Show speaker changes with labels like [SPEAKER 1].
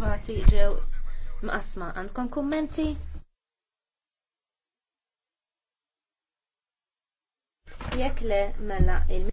[SPEAKER 1] approvati ġew mqasma. Għandkom kummenti? Jekk le mela il